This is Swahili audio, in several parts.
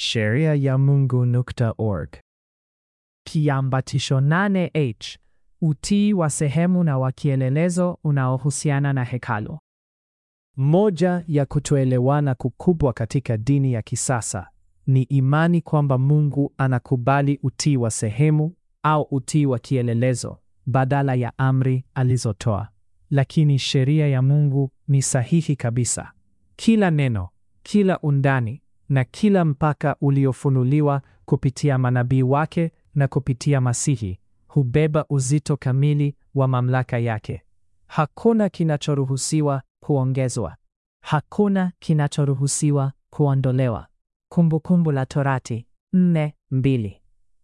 sheria ya org. Kiambatisho 8h: utii wa sehemu na wa kielelezo unaohusiana na hekalu. Moja ya kutoelewana kukubwa katika dini ya kisasa ni imani kwamba Mungu anakubali utii wa sehemu au utii wa kielelezo badala ya amri alizotoa. Lakini sheria ya Mungu ni sahihi kabisa. Kila neno, kila undani na kila mpaka uliofunuliwa kupitia manabii wake na kupitia Masihi hubeba uzito kamili wa mamlaka yake. Hakuna kinachoruhusiwa kuongezwa, hakuna kinachoruhusiwa kuondolewa. Kumbukumbu la Torati 4:2,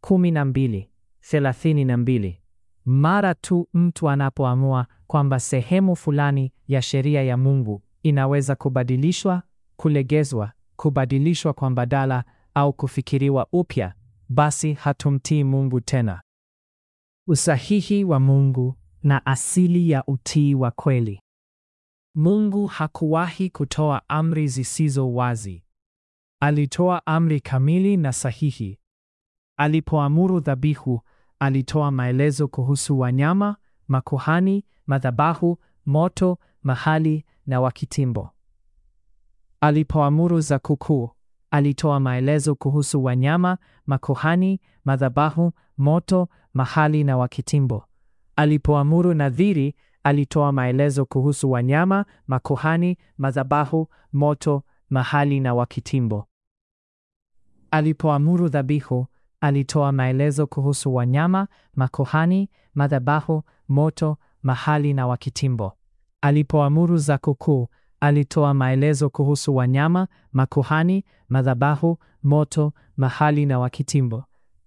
32. Mara tu mtu anapoamua kwamba sehemu fulani ya sheria ya Mungu inaweza kubadilishwa, kulegezwa kubadilishwa kwa mbadala au kufikiriwa upya, basi hatumtii Mungu tena. Usahihi wa Mungu na asili ya utii wa kweli. Mungu hakuwahi kutoa amri zisizo wazi. Alitoa amri kamili na sahihi. Alipoamuru dhabihu, alitoa maelezo kuhusu wanyama, makuhani, madhabahu, moto, mahali na wakitimbo. Alipoamuru Zaku alitoa maelezo kuhusu wanyama, makuhani, madhabahu, moto, mahali na Wakitimbo. Alipoamuru nadhiri, alitoa maelezo kuhusu wanyama, makuhani, madhabahu, moto, mahali na Wakitimbo. Alipoamuru dhabihu, alitoa maelezo kuhusu wanyama, makuhani, madhabahu, moto, mahali na Wakitimbo. Alipoamuru zakukuu Alitoa maelezo kuhusu wanyama, makuhani, madhabahu, moto, mahali na Wakitimbo.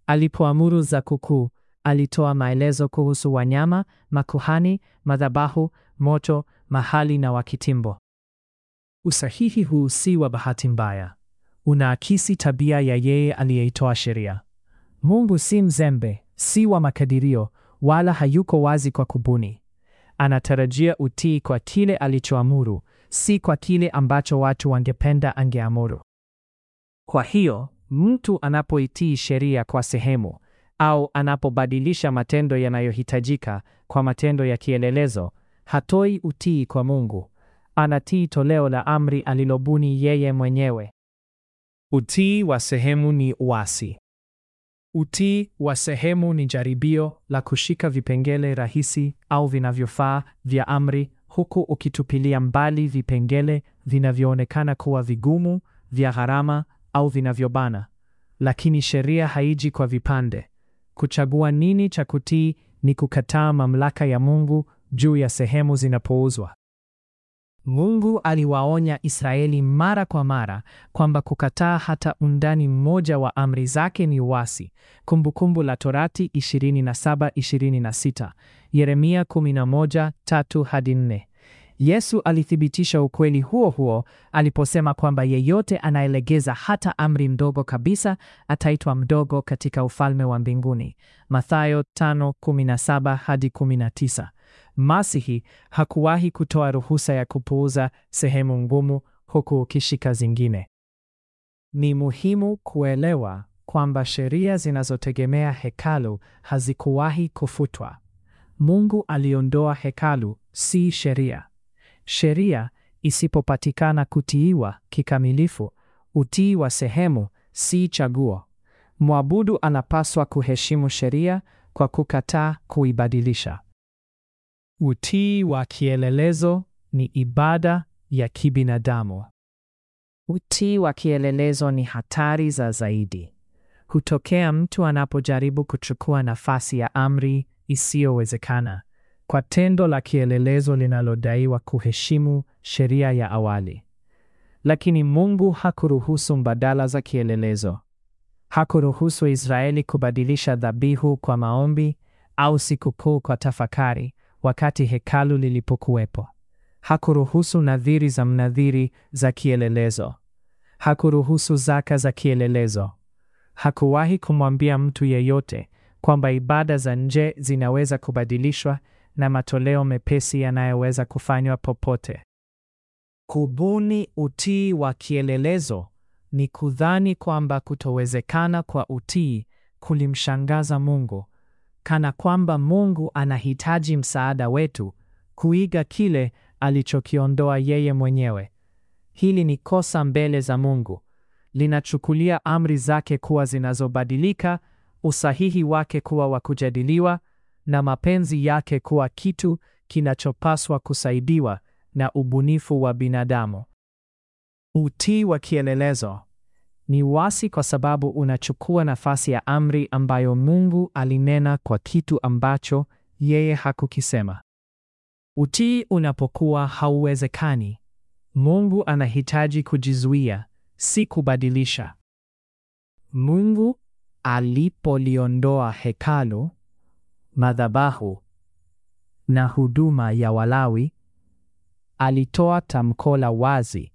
Alipoamuru kukuu, alitoa maelezo kuhusu wanyama, makuhani, madhabahu, moto, mahali na Wakitimbo. Usahihi huu si wa bahati mbaya, unaakisi tabia ya yeye aliyeitoa sheria. Mungu si mzembe, si wa makadirio, wala hayuko wazi kwa kubuni. Anatarajia utii kwa kile alichoamuru si kwa kile ambacho watu wangependa angeamuru. Kwa hiyo mtu anapoitii sheria kwa sehemu au anapobadilisha matendo yanayohitajika kwa matendo ya kielelezo, hatoi utii kwa Mungu, anatii toleo la amri alilobuni yeye mwenyewe. Utii wa sehemu ni uasi. Utii wa sehemu ni jaribio la kushika vipengele rahisi au vinavyofaa vya amri huku ukitupilia mbali vipengele vinavyoonekana kuwa vigumu, vya gharama au vinavyobana. Lakini sheria haiji kwa vipande. Kuchagua nini cha kutii ni kukataa mamlaka ya Mungu juu ya sehemu zinapouzwa. Mungu aliwaonya Israeli mara kwa mara kwamba kukataa hata undani mmoja wa amri zake ni uasi. Kumbukumbu la Torati 27:26, Yeremia 11:3 hadi 4. Yesu alithibitisha ukweli huo huo aliposema kwamba yeyote anayelegeza hata amri ndogo kabisa ataitwa mdogo katika ufalme wa mbinguni. Mathayo 5:17 hadi 19. Masihi hakuwahi kutoa ruhusa ya kupuuza sehemu ngumu huku ukishika zingine. Ni muhimu kuelewa kwamba sheria zinazotegemea hekalu hazikuwahi kufutwa. Mungu aliondoa hekalu, si sheria. Sheria isipopatikana kutiiwa kikamilifu, utii wa sehemu si chaguo. Mwabudu anapaswa kuheshimu sheria kwa kukataa kuibadilisha. Utii wa kielelezo ni ibada ya kibinadamu. Utii wa kielelezo ni hatari za zaidi. Hutokea mtu anapojaribu kuchukua nafasi ya amri isiyowezekana kwa tendo la kielelezo linalodaiwa kuheshimu sheria ya awali. Lakini Mungu hakuruhusu mbadala za kielelezo. Hakuruhusu Israeli kubadilisha dhabihu kwa maombi au sikukuu kwa tafakari wakati hekalu lilipokuwepo. Hakuruhusu nadhiri za mnadhiri za kielelezo. Hakuruhusu zaka za kielelezo. Hakuwahi kumwambia mtu yeyote kwamba ibada za nje zinaweza kubadilishwa na matoleo mepesi yanayoweza kufanywa popote. Kubuni utii wa kielelezo ni kudhani kwamba kutowezekana kwa utii kulimshangaza Mungu, kana kwamba Mungu anahitaji msaada wetu kuiga kile alichokiondoa yeye mwenyewe. Hili ni kosa mbele za Mungu. Linachukulia amri zake kuwa zinazobadilika, usahihi wake kuwa wa kujadiliwa na mapenzi yake kuwa kitu kinachopaswa kusaidiwa na ubunifu wa binadamu. Utii wa kielelezo ni wasi kwa sababu unachukua nafasi ya amri ambayo Mungu alinena kwa kitu ambacho yeye hakukisema. Utii unapokuwa hauwezekani, Mungu anahitaji kujizuia, si kubadilisha. Mungu alipoliondoa hekalu, madhabahu na huduma ya Walawi, alitoa tamko la wazi: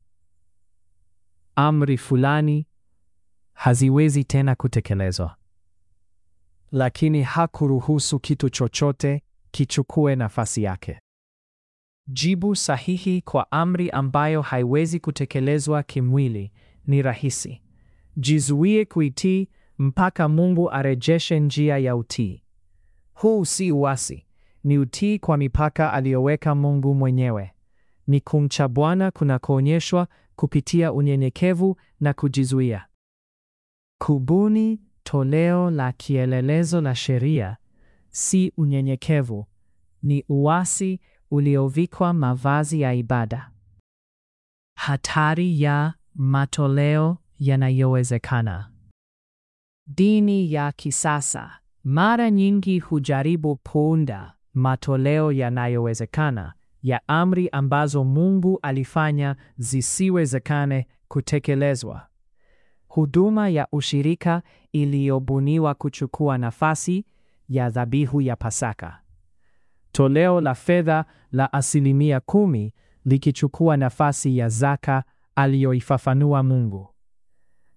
amri fulani haziwezi tena kutekelezwa, lakini hakuruhusu kitu chochote kichukue nafasi yake. Jibu sahihi kwa amri ambayo haiwezi kutekelezwa kimwili ni rahisi: jizuie kuitii mpaka Mungu arejeshe njia ya utii. Huu si uasi, ni utii kwa mipaka aliyoweka Mungu mwenyewe. Ni kumcha Bwana kunakoonyeshwa kupitia unyenyekevu na kujizuia. Kubuni toleo la kielelezo la sheria si unyenyekevu, ni uasi uliovikwa mavazi ya ibada. Hatari ya matoleo yanayowezekana. Dini ya kisasa mara nyingi hujaribu kuunda matoleo yanayowezekana ya amri ambazo Mungu alifanya zisiwezekane kutekelezwa. Huduma ya ushirika iliyobuniwa kuchukua nafasi ya dhabihu ya Pasaka. Toleo la fedha la asilimia kumi likichukua nafasi ya zaka aliyoifafanua Mungu.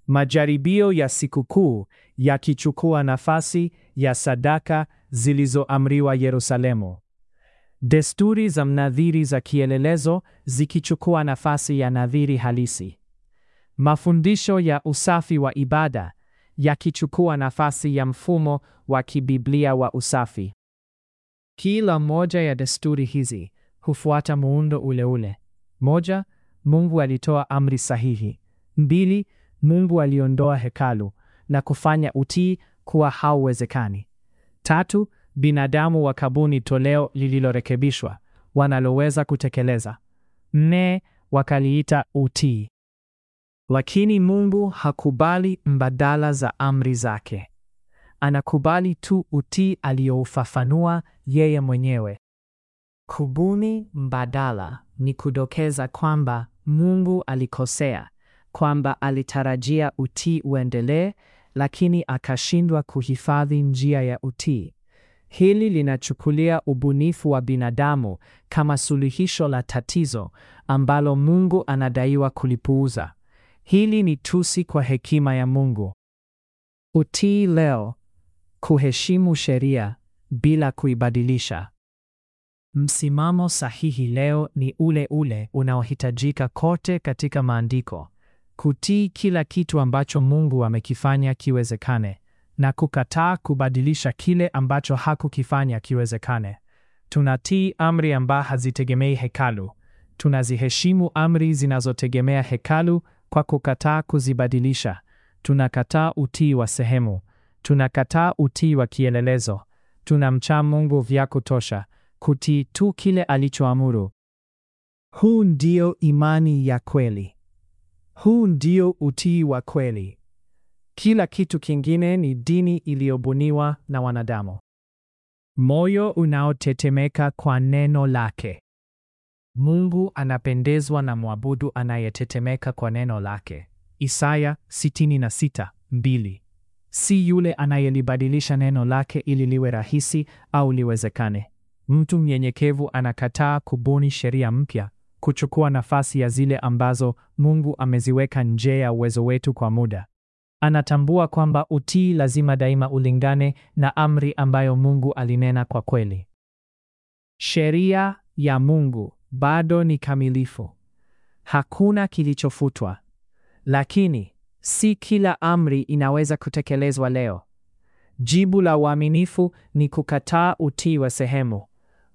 Majaribio ya sikukuu yakichukua nafasi ya sadaka zilizoamriwa Yerusalemu. Desturi za mnadhiri za kielelezo zikichukua nafasi ya nadhiri halisi. Mafundisho ya usafi wa ibada yakichukua nafasi ya mfumo wa kibiblia wa usafi. Kila moja ya desturi hizi hufuata muundo ule ule: moja, Mungu alitoa amri sahihi; mbili, Mungu aliondoa hekalu na kufanya utii kuwa hauwezekani. Tatu, binadamu wakabuni toleo lililorekebishwa wanaloweza kutekeleza. Nne, wakaliita utii. Lakini Mungu hakubali mbadala za amri zake. Anakubali tu utii aliyoufafanua yeye mwenyewe. Kubuni mbadala ni kudokeza kwamba Mungu alikosea kwamba alitarajia utii uendelee, lakini akashindwa kuhifadhi njia ya utii. Hili linachukulia ubunifu wa binadamu kama suluhisho la tatizo ambalo Mungu anadaiwa kulipuuza. Hili ni tusi kwa hekima ya Mungu. Utii leo: kuheshimu sheria bila kuibadilisha. Msimamo sahihi leo ni ule ule unaohitajika kote katika maandiko kutii kila kitu ambacho Mungu amekifanya kiwezekane na kukataa kubadilisha kile ambacho hakukifanya kiwezekane. Tunatii amri ambazo hazitegemei hekalu, tunaziheshimu amri zinazotegemea hekalu kwa kukataa kuzibadilisha. Tunakataa utii wa sehemu, tunakataa utii wa kielelezo. Tunamcha Mungu vya kutosha kutii tu kile alichoamuru. Huu ndio imani ya kweli. Huu ndio utii wa kweli. Kila kitu kingine ni dini iliyobuniwa na wanadamu. Moyo unaotetemeka kwa neno lake. Mungu anapendezwa na mwabudu anayetetemeka kwa neno lake. Isaya 66:2. Si yule anayelibadilisha neno lake ili liwe rahisi au liwezekane. Mtu mnyenyekevu anakataa kubuni sheria mpya kuchukua nafasi ya zile ambazo Mungu ameziweka nje ya uwezo wetu kwa muda. Anatambua kwamba utii lazima daima ulingane na amri ambayo Mungu alinena kwa kweli. Sheria ya Mungu bado ni kamilifu. Hakuna kilichofutwa. Lakini si kila amri inaweza kutekelezwa leo. Jibu la uaminifu ni kukataa utii wa sehemu,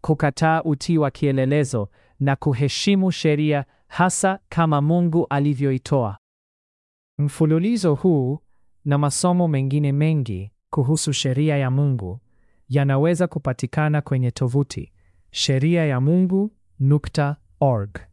kukataa utii wa kielelezo na kuheshimu sheria hasa kama Mungu alivyoitoa. Mfululizo huu na masomo mengine mengi kuhusu sheria ya Mungu yanaweza kupatikana kwenye tovuti sheria ya Mungu.org.